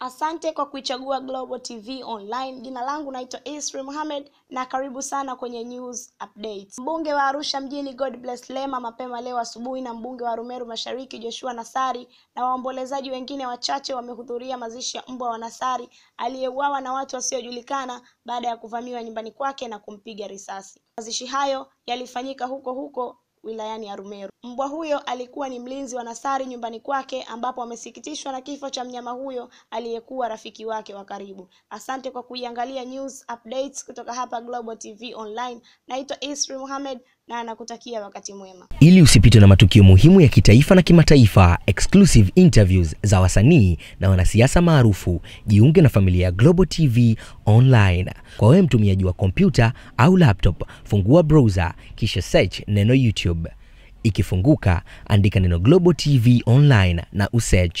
Asante kwa kuichagua Global TV Online. Jina langu naitwa Isri Mohamed na karibu sana kwenye news updates. Mbunge wa Arusha mjini Bless Lema mapema leo asubuhi na mbunge wa Rumeru Mashariki Joshua nasari na waombolezaji wengine wachache wamehudhuria mazishi ya mbwa wa nasari aliyeuawa na watu wasiojulikana baada ya kuvamiwa nyumbani kwake na kumpiga risasi. Mazishi hayo yalifanyika huko huko wilayani ya Rumeru. Mbwa huyo alikuwa ni mlinzi wa Nasari nyumbani kwake, ambapo amesikitishwa na kifo cha mnyama huyo aliyekuwa rafiki wake wa karibu. Asante kwa kuiangalia news updates kutoka hapa Global TV Online. Naitwa Isri Muhammad na anakutakia wakati mwema. Ili usipitwe na matukio muhimu ya kitaifa na kimataifa, exclusive interviews za wasanii na wanasiasa maarufu, jiunge na familia ya Global TV Online. Kwa wewe mtumiaji wa kompyuta au laptop, fungua browser kisha search neno YouTube. Ikifunguka, andika neno Global TV Online na usearch.